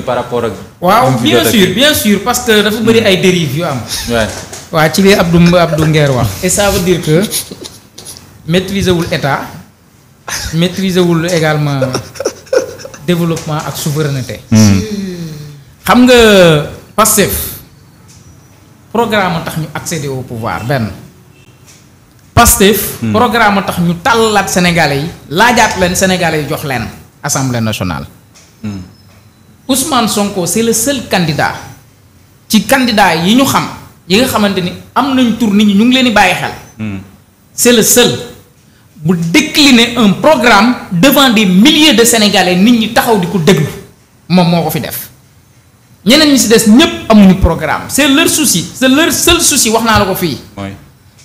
ko rapport ak. waaw bien sûr bien sûr parce que dafa bëri ay dérives yu am. waaw ci li ab Abdou Nguer wax. et ça veut dire que maîtriser wul état maîtriser wul également développement ak souveraineté. Hmm. xam nga Pastef programme tax ñu accéder au pouvoir benn. Pastef hmm. programme tax ñu tàllaat sénégalais yi laajaat leen sénégalais yi jox leen assemblée nationale. Hmm. Ousmane Sonko c'est le seul candidat ci candidat yi ñu xam yi nga xamante ni am nañ tur nit ñi ñu ngi leen di bàyyi xel. Hmm. c'est le seul bu li ne un programme devant des milliers de sénégalais nit ñi taxaw di ku déglu moom moo ko fi def. ñeneen ñi si des ñëpp amuñu programme c'est leur souci c'est leur seul souci wax naa la ko fii.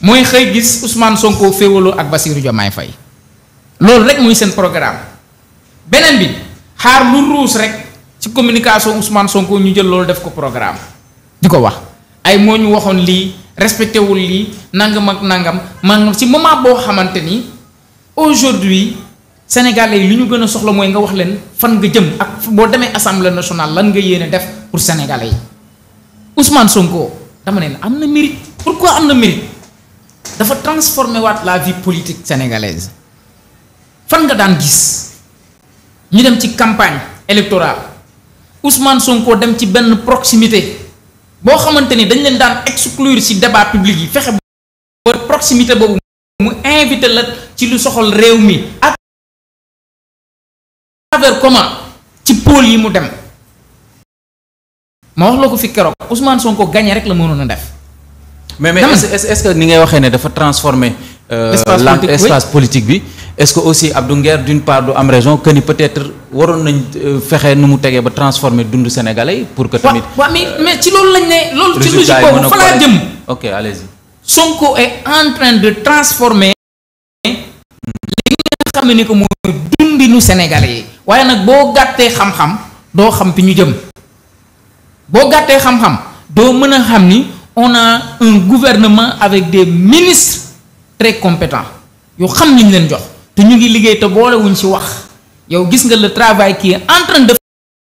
mooy xëy gis Ousmane Sonko féewaloo ak Bassirou Diomaye fay loolu rek muy seen programme beneen bi xaar lu ruus rek. ci communication Ousmane Sonko ñu jël loolu def ko programme di ko wax ay moo ñu waxoon lii respecté wul lii nangam ak nangam man si moment boo xamante ni aujourd'hui sénégalais yi lu ñu gën a soxla mooy nga wax leen fan nga jëm ak boo demee assemblée nationale lan nga yéene def pour sénégalais yi Ousmane Sonko dama ne am na pour pourquoi am na mérite dafa transformé waat la vie politique sénégalaise fan nga daan gis ñu dem ci campagne électorale. Ousmane Sonko dem ci benn proximité boo xamante ni dañ leen daan exclure ci débat public yi fexe ba proximité boobu mu invité la ci lu soxal réew mi à travers comment ci pôle yi mu dem ma wax la ko fi keroog Ousmane Sonko gagné rek la mënoon a def. mais mais est ni ngay waxee ne dafa transformé. Euh, la espace politique bi est-ce que aussi Abdou Nguer d'une part du am raison que ni peut-être waroon nañ euh, fexe nu mu tegee ba transformer dundu sénégalais pour que tamit waaw mais mais ci loolu lañ ne loolu ci logique boobu fa laa jëm ok allez en train de transformer li nga xam ne ko mooy dundinu sénégalais waaye nag boo gàttee xam-xam doo xam fi ñu jëm boo gàttee xam-xam doo mën a xam ni on a un gouvernement avec des ministres très compétent yoo xam ni ñu leen jox te ñu ngi liggéey te boolewuñ ci wax yow gis nga le travail kii est en train de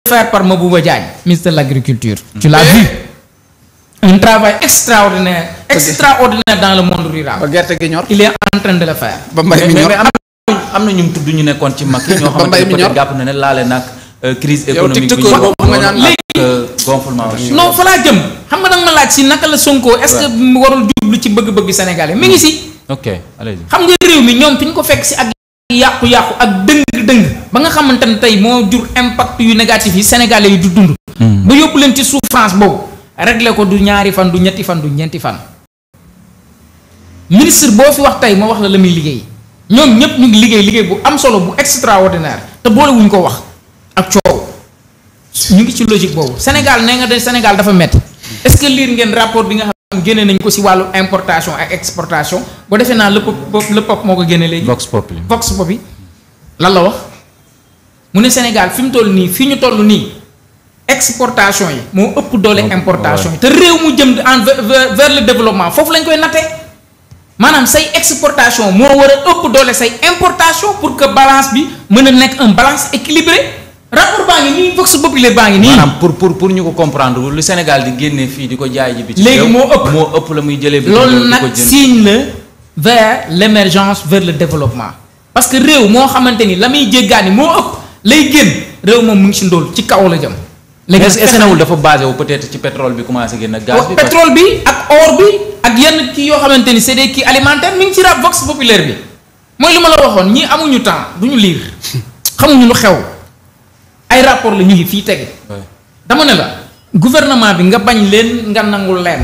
faire par Mabouba Diagne ministre de l'agriculture tu l'as vu un travail extraordinaire extraordinaire dans le monde rural il est en de le faire ba mbay mi ñor am na ñu tudd ñu nekkoon ci mag yi ñoo xamante ne peut na ne laale nag euh, crise économique bi léegi euh, fa laa jëm xam nga nag laaj si naka la Sonko est-ce warul jublu ci bëgg-bëgg Sénégalais mi ngi si ok xam nga réew mi ñoom fi ñu ko fekk si ak yàqu-yàqu ak dëng-dëng ba nga xamante ne tey moo jur impact yu négatif yi sénégalais yi du dund hmm. ba yóbbu leen ci souffrance boobu réglé ko du ñaari fan du ñetti fan du ñeenti fan ministre boo fi wax tey moo wax la la muy liggéey ñoom ñépp ñu ngi liggéey liggéey bu am solo bu extraordinaire te boolewuñ ko wax ak coow ñu ngi ci logique boobu senegal nee nga de Sénégal dafa métti est ngeen rapport bi nga génne nañ ko si wàllu importation ak exportation boo defee naa lëpp lëpp pop moo ko génne léegi. vox pop yi vox pop yi lan la wax mu ne Sénégal fi mu toll nii fii ñu toll nii exportation yi moo ëpp doole importation yi te réew mu jëm en vers le développement foofu lañ koy nattee maanaam say exportation moo war a ëpp doole say importation pour que balance bi mën a nekk un balance équilibré rapport baa ngi nii vox populi baa ngi nii. maanaam pour pour pour ñu ko comprendre lu Sénégal di génne fii di ko jaay ji. bi ci léegi moo ëpp moo ëpp la muy jële bi loolu nag signe la vers l' ver le développement. parce que réew moo xamante ni la muy jéggaani moo ëpp lay génn réew moom mu ngi si ndóol ci kaw la jëm. léegi est ce que dafa basé wu peut être ci pétrole bi commencé génn ak. gaz oh, bi pétrole bi ak or bi ak yenn kii yoo xamante ni c' est kii alimentaires mi ngi ci rab vox populaire bi mooy li ma la waxoon ñii amuñu temps duñu lire xamuñu lu xew ay rapport la ñu fii tege dama ne la gouvernement bi nga bañ leen nga nangul leen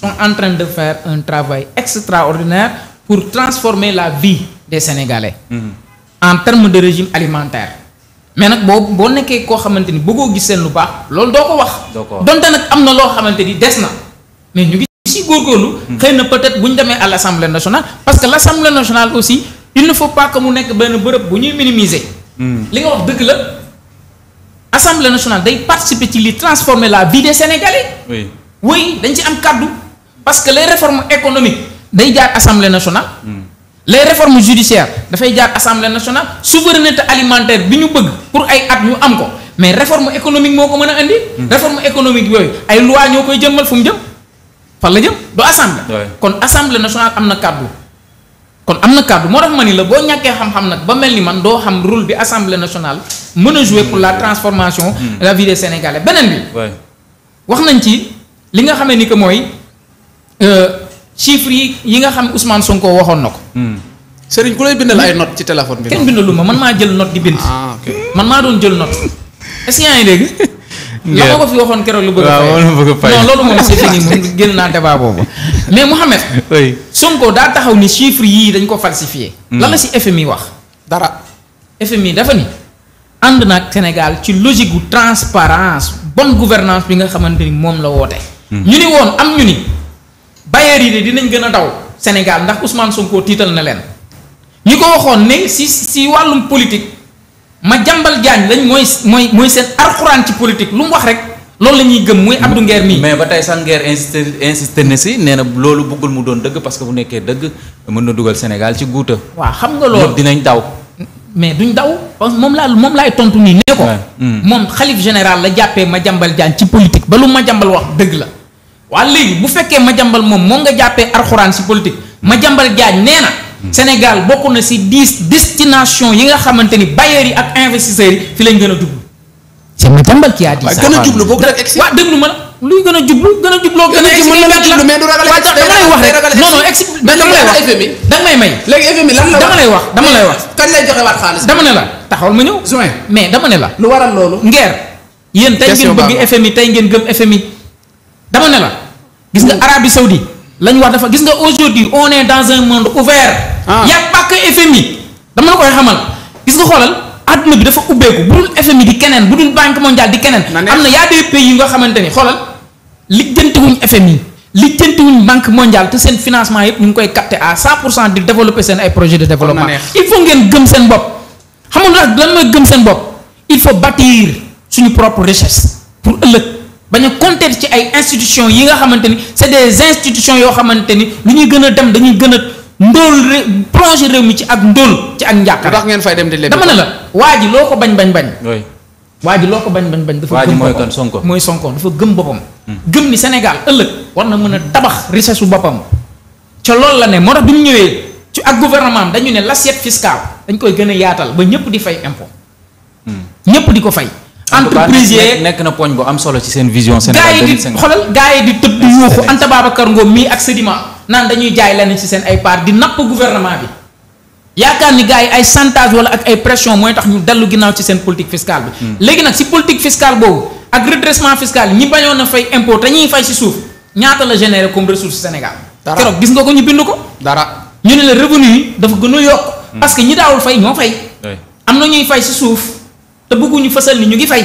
sont en train de faire un travail extraordinaire pour transformer la vie des Sénégalais mm-hmm. en terme de régime alimentaire mais nag boo boo nekkee koo xamante ni bëggoo gis seen lu baax lool doo ko wax donte nag am na loo xamante ni des na mais ñu ngi si góorgóorlu mm-hmm. xëy na peut-être bu ñu demee à l'Assemblée nationale parce que l'Assemblée nationale aussi il ne faut pas que mu nekk benn bërëb ñuy minimiser mm-hmm. li nga assemblée nationale day participer ci li transformer la vie des sénégalais. oui oui dañ ci am kàddu parce que les réformes économiques day jaar assemblée national hmm. les réformes judiciaires dafay jaar assemblée national souveraineté alimentaire bi ñu bëgg pour ay at ñu am ko mais réforme économique moo ko mën a indi. Hmm. réforme économique yooyu ay loi ñoo koy jëmmal fu mu jëm fan la jëm du assemblée. kon assemblée nationale am na kàddu. kon am na kàddu moo tax ma ni la boo ñàkkee xam-xam nag ba mel ni man doo xam rôle bi assemblée nationale mën a jouer pour la transformation hmm. de la vie des beneen bi wax nañ ci li nga xamee ni que mooy euh, chiffres yi yi nga xam Ousmane Sonko waxoon na ko hmm. sëriñ ku lay bindal ay hmm? note ci téléphone bi kenn lu ma man maa jël note di bind ah, man maa doon jël not est-ce que la ma ko fi waxoon keroog lu bëgg a fay loolu moom mais Mouhamed Sonko daa taxaw ni chiffre yii dañ ko falsifié hmm. lan la si FMI wax dara FMI dafa ni ànd naag Sénégal ci logique gu transparence gouvernance bi nga xamante ni moom la woote hmm. ñu ni woon am ñu ni bailleurs yi de dinañ gën a daw Sénégal ndax Ousmane Sonko tiital na leen ñi ko waxoon ne si si wàllum politique ma jàmbal jaañ lañ mooy mooy mooy seen arxuraan ci politique lu mu wax rek loolu la ñuy gëm muy Abdou ngeer mii. mais ba tey sax Nguer insisté insisté na loolu bëggul mu doon dëgg parce que bu nekkee dëgg mën na dugal Sénégal ci guuta waa xam nga loolu dinañ daw. mais duñ daw parce que moom laa moom laay tontu nii ne ko. Hmm. moom xalif général la jàppee ma jàmbal jaan ci politique ba lu ma jàmbal wax dëgg la. waa léegi bu fekkee ma jàmbal moom moom nga jàppee arxuraan si politique ma jàmbal jaan nee na. Sénégal bokk na si dix destination yi nga xamante ni bailleurs yi ak investisseurs yi fi lañ gën a jublu. c'est Madiambal qui a dit ça. waaw gën a jublu boog waa déglu ma la. luy gën a jublu gën a jubloo gën a expliqué mais du ragal wax non dama lay wax dama lay wax dama lay wax xaalis dama ne la taxawal ma ñëw mais dama ne la lu waral loolu ngeer yéen tey ngeen bëgg FMI tey ngeen gëm FMI dama ne la gis nga Arabie Saoudite la ñu wax dafa gis nga aujourd'hui on est dans un monde ouvert. Ah. y a pas que dama la koy xamal gis nga xoolal àdduna bi dafa ubbeeku bu dul FMI di keneen bu dul banque mondiale di keneen. am na y a des pays yu nga xamante ni xoolal lijjantiwuñ FMI lijjantiwuñ banque mondiale te seen financement yëpp ñu ngi koy capté à 100 pour cent di développer seen ay projets de développement. il faut ngeen gëm seen bopp. xam nga lan mooy gëm seen bopp il faut bâtir suñu propre richesse pour ëllëg. bañ a ci ay institutions yi nga xamante ni c'est des institutions yoo xamante ni lu ñuy gën a dem dañuy gën a ndóol ré plongé réew mi ci ak ndóol ci ak njàqare. ndax ngeen fay dem di leen dama ne la waa ji loo ko bañ bañ bañ. waa ji loo ko bañ bañ bañ. dafa gëm mooy kon Sonko mooy Sonko dafa gëm boppam. Hmm. gëm ni Sénégal ëllëg war na mën a tabax richesse su boppam. ca loolu la ne moo tax bi mu ñëwee ci ak gouvernement am dañu ne l'assiette fiscale dañ koy gën a yaatal ba ñëpp di fay impôt. Hmm. ñëpp di ko fay. entreprise yee nekk na poñ bu am solo ci seen vision. Sénégal 2050 gars yi di xoolal gars yi di tëdd yuuxu Anta Babacar Ngom mii ak sédiment naan dañuy jaay lenn ci seen ay part di napp gouvernement bi. yaakaar ni gars yi ay chantage wala ak ay pression mooy tax ñu dellu ginnaaw ci seen politique fiscale bi. Hmm. léegi nag si politique fiscale boobu ak redressement fiscal ñi bañoon a fay impôt te ñuy fay si suuf ñaata la généré comme ressource Sénégal. dara keroog gis nga ko ñu bind ko. dara ñu ne la revenu yi dafa gën a yokk. Hmm. parce que ñi daawul fay ñoo fay. am na ñuy fay suuf. te bëgguñu fësal ni ñu ngi fay.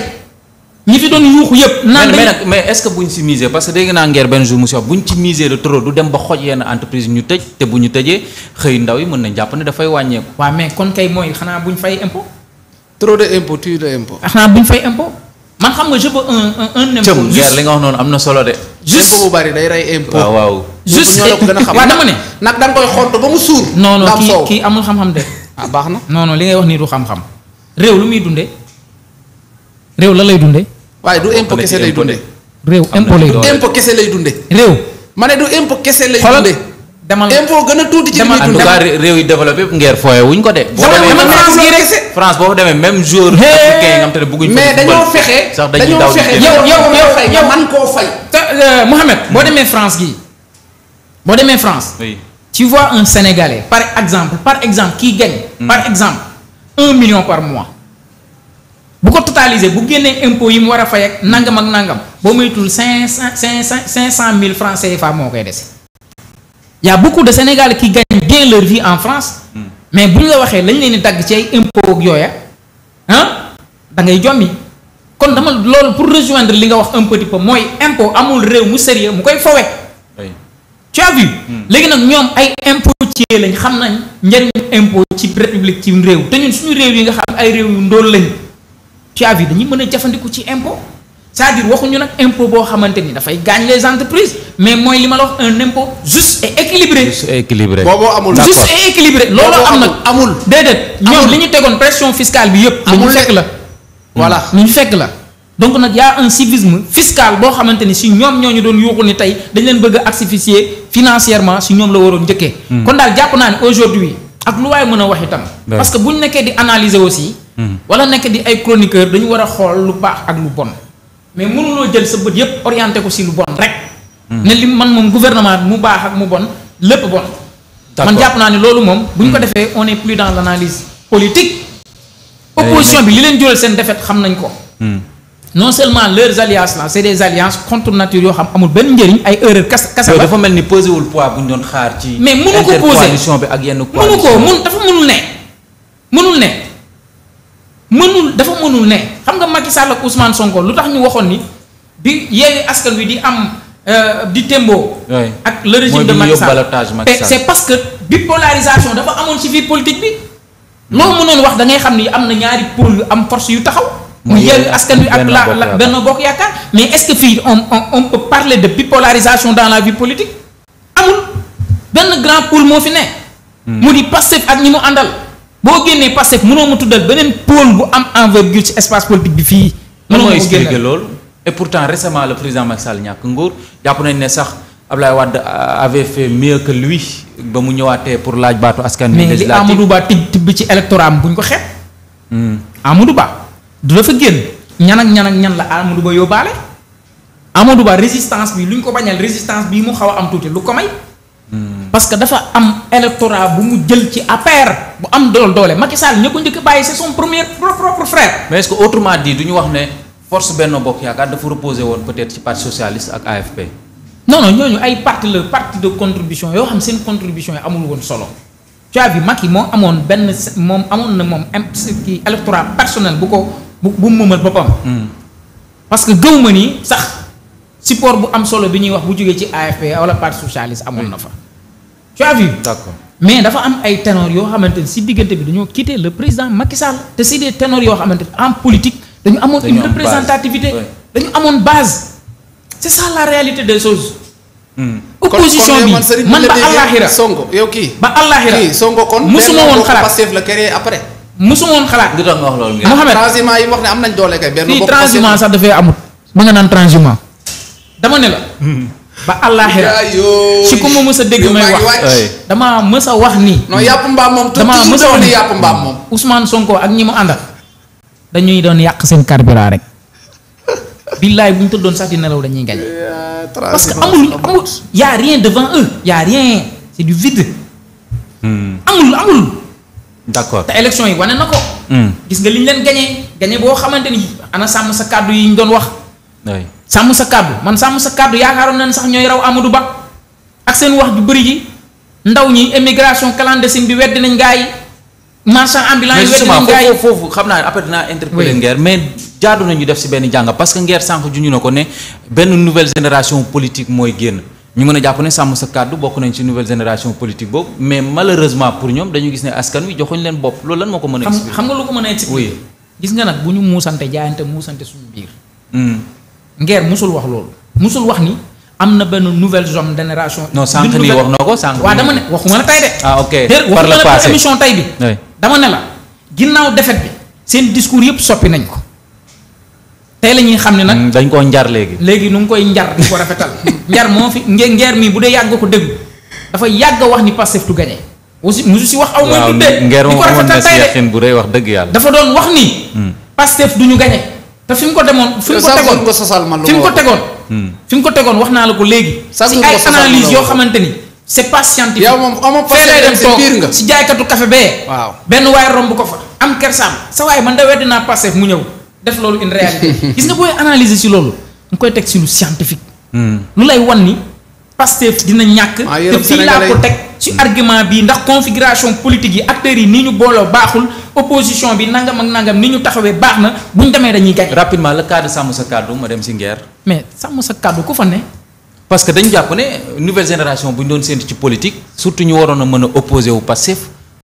ñi fi doon yuuxu yëpp. naan mais nag est-ce que buñ si parce que dégg naa ngeer benn jour mu si wax buñ de trop du dem ba ñu tëj te bu ñu tëjee xëy ndaw yi mën nañ jàpp ne dafay wàññeeku. waaw mais kon kay mooy xanaa buñ fay impôt. trop de impôt tu de impôt. Ah, fay impôt. man xam nga je veux un un li nga wax noonu am na solo de. juste bu bari day rey waaw waaw. juste ñoo la ne. nag da koy xott ba mu suur. noonu non kii kii amul xam-xam de. ah baax na non li ngay wax nii du xam-xam réew lu muy dundee réew la lay dundee. waaye du impôt kese lay dundee. réew impôt lay dundee impôt kese lay dundee. réew. ma ne du impôt kese lay dundee. demal impôt gën a tuuti ci li muy dundee en tout cas réew yi développé yëpp ngeer fooye wuñ ko de. boo demee France boo demee même jour. africain nga xam te ne bëgguñ mais dañoo fexe sax dañuy daw yow yow yow fay yow man koo euh, boo demee France gi boo demee France. ci tu vois un Sénégalais par exemple par exemple qui gagne. Hmm. par exemple un million par mois. bu ko totaliser bu génnee impôt yi mu war a fay ak nangam ak nangam boo moytuwul cinq cent cinq cent cinq cent mille francs CFA moo koy dese. y' a beaucoup sénégal Sénégalais qui gagnent bien leur vie en France. Hmm. mais bu ñu nga waxee lañ leen di dagg ci ay impôt ak yooya ah da ngay jommi kon dama loolu pour rejoindre li nga wax un petit mooy impôt amul réew mu sérieux mu koy fowe. tu as hmm. léegi nag ñoom ay impôtier lañ xam nañ njëriñu impôt ci république ci réew te ñun suñu réew yi nga xam ay réew yu ndóol lañ. tuias yi dañuy mën a jafandiku ci impôt c'est-à-dire waxuñu nag impôt boo xamante ni dafay gaañ les entreprises mais mooy li ma la wax un impôt juste et équilibré. juste et équilibré booboo amul. am nag amul. déedéet ñoom li ñu tegoon pression fiscale bi yëpp. amul lu ñu la. voilà lu ñu fekk la. donc nag y a un civisme fiscal boo xamante ni si ñoom ñoo ñu doon yuuxu ni tey dañ leen bëgg a asphyxier financièrement si ñoom la waroon njëkkee. Hmm. kon daal jàpp naa ne aujourd'hui ak lu waay a wax itam. parce que bu nekkee di analyser aussi. wala nekk di ay chroniqueur dañu war a xool lu baax ak lu bon mais mënuloo jël sa bët yépp orienté ko si lu bon rek hmm. ne li man moom gouvernement mu baax ak mu bon lépp bon man jàpp naa ne loolu moom bu ñu ko hmm. defee on est plus dans l'analyse politique eh opposition bi li leen jural seen défaite xam nañ ko hmm. non seulement leurs alliances là c'est des alliances contre nature yoo xam amul benn njëriñ ay erreur kas kasa dafa mel ni posé wul poids bu ñu doon xaar ci mais mënu ko posé bi ak yenn mënu ko mun dafa mënul ne mënul ne mënul dafa mënul ne xam nga Macky Sall ak Ousmane Sonko lu tax ñu waxoon ni bi yeewi askan wi di am euh, di témboo ak le régime de Macky Sall te c'est parce que bipolarisation dafa amoon ci biir politique bi loolu hmm. mënoon wax da ngay xam ni am na ñaari pôle yu am force yu taxaw mu yeewi askan wi ak la la Benno Bokk Yaakaar mais est-ce que fii on on peut parler de bipolarisation dans la vie politique amul benn grand pôle moo fi ne hmm. mu di Pastef ak ñi mu àndal boo génnee Pastef mënoo ma tuddal beneen pôle bu am envergure ci espace politique bi fii. mënoo ma expliquer loolu. et pourtant récemment le président Macky Sall ñàkk nguur jàpp nañ ne sax Ablaye Wade avait fait mieux que lui ba mu ñëwaatee pour laaj baatu askan bi. mais li Amadou Ba tibb tibb ci électorat am bu ñu ko xeeb. Hmm. Amadou Ba du dafa génn ñan ak ñan ak ñan la Amadou Ba yóbbaale. Amadou Ba résistance bi lu ñu ko bañal résistance bii mu xaw am tuuti lu ko parce que dafa am électorat bu mu jël ci APR bu am dool doole Macky Sall ña ko njëkk bàyyi c'est son premier propre frère. mais est-ce que autrement ñu wax ne force benn Bokk Yaakaar dafa reposer woon peut-être ci parti socialiste ak AFP. non ñooñu ay parti la parti de contribution yoo xam seen contribution yi amul woon solo. tu as vu Macky moo amoon benn moom amoon na moom kii électorat personnel bu ko bu bu mu boppam. Hmm. parce que gëw ma ni sax support bu am solo bi ñuy wax bu jógee ci AFP wala parti socialiste amoon na fa. tu as mais dafa am ay ténor yoo xamante ne si diggante bi dañoo quitté le président Macky Sall te si des ténors yoo xamante ne en politique. dañu amoon une représentativité dañu amoon base. c'est ça la réalité des choses. Hmm. opposition bi man ba àllaaxira Sonko yow kii. ba àllaaxira kii Sonko kon. musuma woon xalaat Pastef la créé après. musuma woon xalaat. li tax nga wax yi wax ne am nañ doole kay. benn bopp transhumant sax dafay amut. ma nga naan transhumant dama ne la. Hmm. ba àllaaxira si ku ma mës dégg may wax damaa mës a wax ni. non yàpp mbaam moom damaa mës wax ni yàpp mbaam moom. Ousmane Sonko ak ñi mu àndal dañuy doon yàq seen carburant rek billaay bu ñu tëddoon sax di nelaw dañuy gañ parce que amul amul y' a rien y' a rien c' est du vide. Hmm. accord te élection yi wane na ko. Hmm. gis nga liñ ñu leen gañee gañee boo xamante ni ana sàmm sa kàddu yi ñu doon wax. sàmm sa kàddu man sàmm sa kàddu yaakaaroon nañ sax ñooy raw Amadou Ba ak seen wax ju bëri ji ndaw ñi émigration clandestine bi wedd nañ gaa yi marchand ambulant yi wedd nañ gaa yi foofu xam naa après dinaa interpeller Nguer mais jaadu nañu def si benn jàngat parce que Nguer sànq juñu na ko ne benn nouvelle génération politique mooy génn ñu mën a jàpp ne sàmm sa kàddu bokk nañ ci nouvelle génération politique boobu mais malheureusement pour ñoom dañu gis ne askan wi joxuñ leen bopp loolu lan moo ko mën a. xam nga lu ko mën a expliquer. gis nga nag bu ñu muusante jaayante muusante suñu biir. Hmm. Nguer musul wax loolu musul wax ni am na benn nouvelle génération. non sànq nii wax na ko sànq. waa dama ne waxuma la tey de. ah ok par le passé émission tey bi. dama ne la ginnaaw defet bi seen discours yëpp soppi nañ ko. tey la ñuy xam ne nag mm, dañ koo njar léegi. léegi nu ngi koy njar di ko rafetal njar moo fi Nguer mii bu dee yàgg ko dëgg dafa yàgg wax ni Pastef du gagné. aussi mosu si wax aw. mooy tuddee di de waaw Nguer moom amoon na si yaqin bu rëy wax dëgg yàlla. dafa doon wax ni. Mm. Pastef du ñu gagné. te fi mu ko demoon fi mu ko tegoon nga sosal man fi mu ko tegoon hmm. ko tegoon wax naa la ko léegi si ay analyse yoo xamante ni c'est pas scientifique yow moom amoo fee lay dem toog si jaaykatu café bee benn waay romb ko fa am kersaam sa waay man da weddi naa passé mu ñëw def loolu une réalité gis nga booy analyser si loolu nga koy teg si lu scientifique hmm. lu lay wan ni Pastef dina ñàkk ah, te fii laa ko teg ci argument bi ndax configuration politique yi acteurs yi ni ñu booloo baaxul opposition bi nangam ak nangam ni ñu taxawee baax na bu ñu demee dañuy gañ. rapidement le cas sàmm sa kàddu ma dem si ngeer. mais sàmm sa kàddu ku fa ne. parce que dañu jàpp ne nouvelle génération ñu doon séntu ci politique surtout ñu waroon a mën a opposé wu passif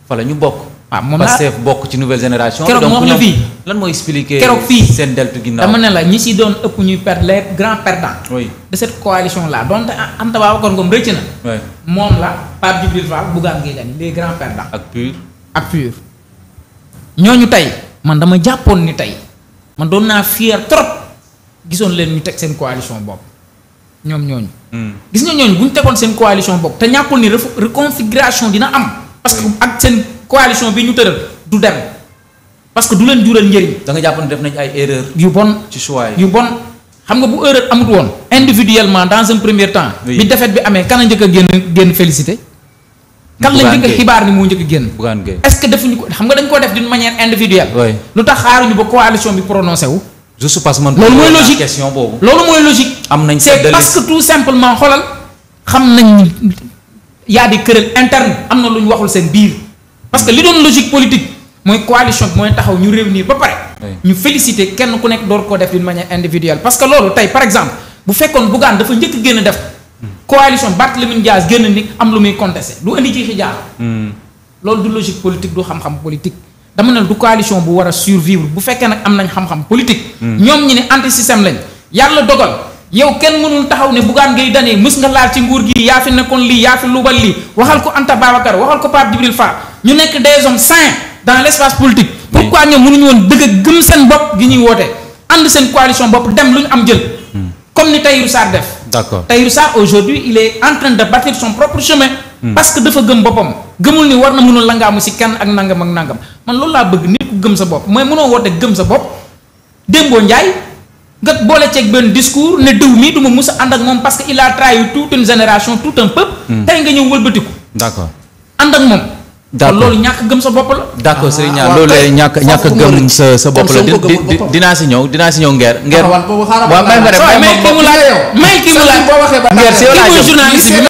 fa la ñu bokk. Ah, bokk ci nouvelle génération. keroog moo xam fii lan mooy expliquer keroog fii seen deltu ginnaaw dama ne la ñi si doon ëpp ñuy perdre les grands perdants. oui de cette coalition là donte Anta Babacar Ngom rëcc na. moom la. Pape Djibril Fall Bougane Gueye Dany les grands perdants. ak pur ak ñooñu tey man dama jàppoon ni tey man doon naa fier trop gisoon leen ñu teg seen coalition bopp ñoom ñooñu. Hmm. gis nga ñooñu bu ñu tegoon seen coalition bopp te ñàkkul ni reconfiguration dina am. parce que ak seen coalition bi ñu tëral du dem parce que du leen jural njëriñ. da nga def nañ ay erreur yu bon ci choix yu bon. xam nga bu erreur amut woon individuellement dans un premier temps. bi defet bi amee kan a njëkk a génn génn félicité. kan la njëkk a xibaar ni moo njëkk a génn. Bougane Gueye est-ce que defuñu ko xam nga dañ koo def d'une manière individuelle. oui lu tax xaaruñu ba coalition bi prononcé loolu mooy logique am nañ c'est parce tout simplement xoolal xam nañ ni y a des querelles internes am na lu ñu waxul seen biir. parce que li doon logique politique mooy coalition bi mooy taxaw ñu réunir ba pare. ñu féliciter kenn ku nekk door koo def d'une manière individuelle parce que loolu tey par exemple bu fekkoon Bougane dafa njëkk a def. coalition Barthélémy Dias génn ni am lu muy contesté du indi jiixi jaaxa. Hmm. loolu du logique politique du xam-xam politique. dama ne du coalition bu war a survivre bu fekkee nag am nañ xam-xam politique. Hmm. ñoom ñi ne anti système lañ. yàlla dogal yow kenn mënul taxaw ne Bougane Gueye Dany mës nga laal ci nguur gi yaa fi nekkoon lii yaa fi lubal lii waxal ko Anta Babacar waxal ko Pape Djibril Fall ñu nekk des hommes sains dans l' espace politique. Hmm. pourquoi ñoom mënuñu woon dëgg gëm seen bopp gi ñuy woote ànd seen coalition bopp dem lu ñu am jël. comme ni Tahirou Sarr def. d'accord Tahirou Sarr aujourd'hui il est en train de bâtir son propre chemin hmm. parce que dafa gëm boppam gëmul ni war na mënul langaamu si kan ak nangam ak nangam man loolu laa bëgg nit ku gëm sa bopp mooy mënoo woote gëm sa bopp Dembo Ndiaye nga boole ceeg benn discours ne diw mii du ma mus a ànd ak moom parce que il a trahi toute génération tout un peuple hmm. tey nga ñëw wëlbatiku d'accord ànd ak moom d'accord loolu ñàkk gëm sa bopp la. d'accord Serigne Niang ah, loolu lay ñàkk ñàkk gëm sa sa bopp la dinaa si ñëw dinaa si ñëw ngeer. ngeer ah, waaw may ma dem may ki mu laaj may ki mu laaj ngeer si yow laa